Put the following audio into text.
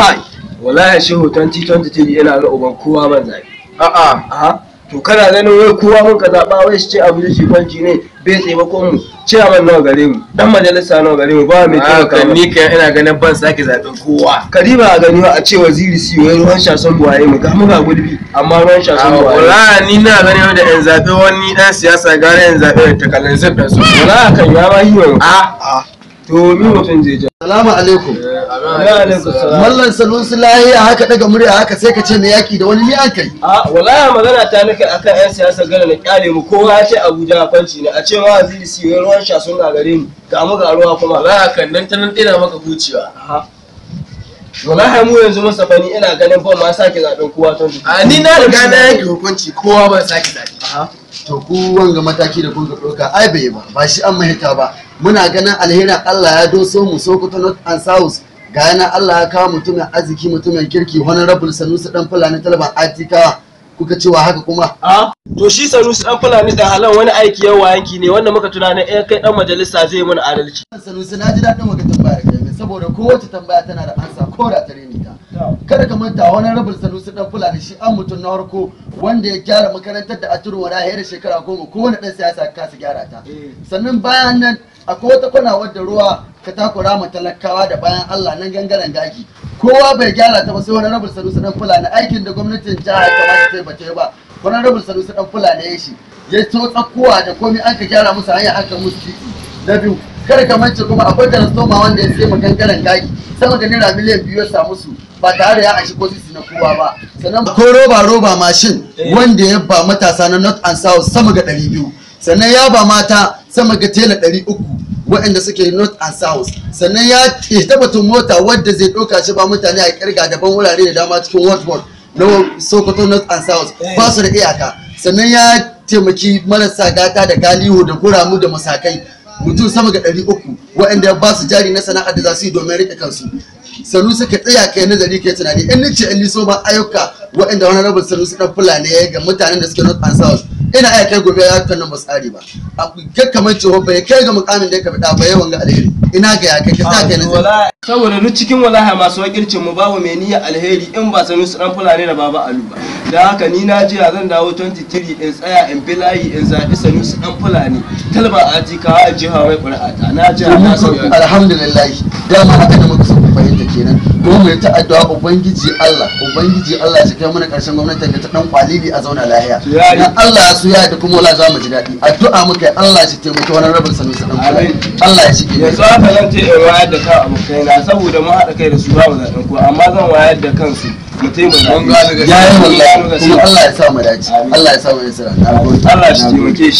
kai wallahi shehu 2023 yana ga uban kowa man zabi a'a a to kana ganin wai kowa mun ka zaba wai shi ce abu shi kwanci ne bai taimakon mu man nawa gare mu dan majalisa nawa gare mu ba mai taimaka kan ni kai ina ganin ban sake zaben kowa kadiba a gani a ce waziri si wai ruwan shason buwaye mu ga ga gurbi amma ruwan shason buwaye wallahi ni na gani da yan zabe wani dan siyasa gare yan zabe ta kallon zai su wallahi kan ya ma yi wa a to mi mutun je ja assalamu alaikum mallan salon sanusi lahiya haka daga murya haka sai ka ce mai yaki da wani ni an kai a wallahi magana ta nika akan yan siyasar gana na kyale mu kowa ya ce abuja kwanci ne a ce ma azili si ruwan sha sun gare mu ga mu ga ruwa kuma a kan nan ta nan ina maka gucewa wallahi mu yanzu masa safani ina ganin ba ma sake zaɓen kowa tun a ni na riga na yake hukunci kowa ba sake zaɓe to ku wanga mataki da kun ɗauka, ai bai ba ba shi an mahita ba muna ganin alherin Allah ya doso mu Sokoto North and South gana Allah ya kawo mutumin arziki mutumin kirki wani rabul sanusi dan fulani talaba atika kuka cewa haka kuma a to shi sanusi dan fulani da halan wani aiki yawa yanki ne wanda muka tunanin eh kai dan majalisa zai mun adalci sanusi na ji dadin muga tambaya kai saboda kowace tambaya tana da ansa ko da tare ni ta kada ka manta wani rabin sanusi dan fulani shi an mutum na harko wanda ya gyara makarantar da aturu wani da shekara goma ko wani dan siyasa kasa gyara ta eh. sannan bayan nan akwai wata kwana wadda ruwa ka takura ma talakawa da bayan Allah nan gangaren gaki kowa bai gyara ta ba sai wani rabin sanusi dan fulani aikin da gwamnatin jiha ya kamata ta yi ba ta yi ba wani rabin sanusi dan fulani ya shi ya to tsakuwa da komai an ka gyara musu hanya an ka musu titi na biyu kada ka manta kuma akwai transformer wanda ya sai ma gangaren gaki sama da naira miliyan biyu ya samu su ba tare da ya anshi ko sisi na kowa ba sannan ko roba roba mashin eh. wanda ya ba matasa na north and south sama ga 200 sannan ya ba mata sama ga tela 300 waɗanda suke north and south sannan ya tabbatun mota wadda zai ɗauka shi ba mutane a kirga daban wurare da dama cikin world war na sokoto north and south eh. ba su da iyaka sannan ya taimaki marasa gata da galihu da guramu da masakai mutum sama ga ɗari uku waɗanda ba su jari na sana'ar da za su yi domin riƙe kansu sanusi ka tsaya kai nazari kai tunani in nace in liso ba ayyuka waɗanda wani rabin sanusi dan fulani ga mutanen da suke north and south ina aya kai gobe ya kan nan ba tsari ba a kakkaman cewa bai kai ga mukamin da ya kafa ba yawan ga alheri ina ga yake ka sa ka saboda duk cikin wallahi masu wakilcin mu babu mai niyya alheri in ba sanu su dan fulani da baba alu ba da haka ni na jiya zan dawo 23 in tsaya in Bilayi in zaɓi sanu su dan fulani talba a ji ka a jiha wai ƙuri'ata na jiya na sauya alhamdulillah dama haka da muka sun fahimta kenan kuma mu ta addu'a ubangiji Allah ubangiji Allah shi kai mana karshen gwamnati ta dan kwalibi a zauna lahiya dan Allah su ya da kuma wala za mu ji daɗi addu'a muka Allah shi taimaki wani rabin sanu su dan fulani Allah ya shige haka zan ce in wayar da kan abokai na saboda mun haɗa kai da su babu zaɓen ko amma zan wayar da kansu mutum ya yi wallahi kuma Allah ya sa mu dace Allah ya sa mu nasara Allah ya taimake shi